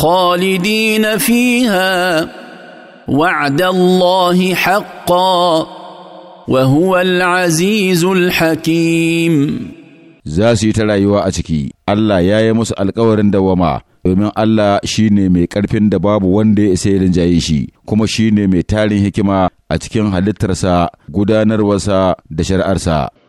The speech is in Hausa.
خالدين فيها وعد الله حقا وهو العزيز الحكيم za su yi ta rayuwa a ciki Allah ya yi musu alkawarin dawama domin Allah shi ne mai ƙarfin da babu wanda ya isa rinjaye shi kuma shi ne mai tarin hikima a cikin halittarsa gudanarwarsa da shari'arsa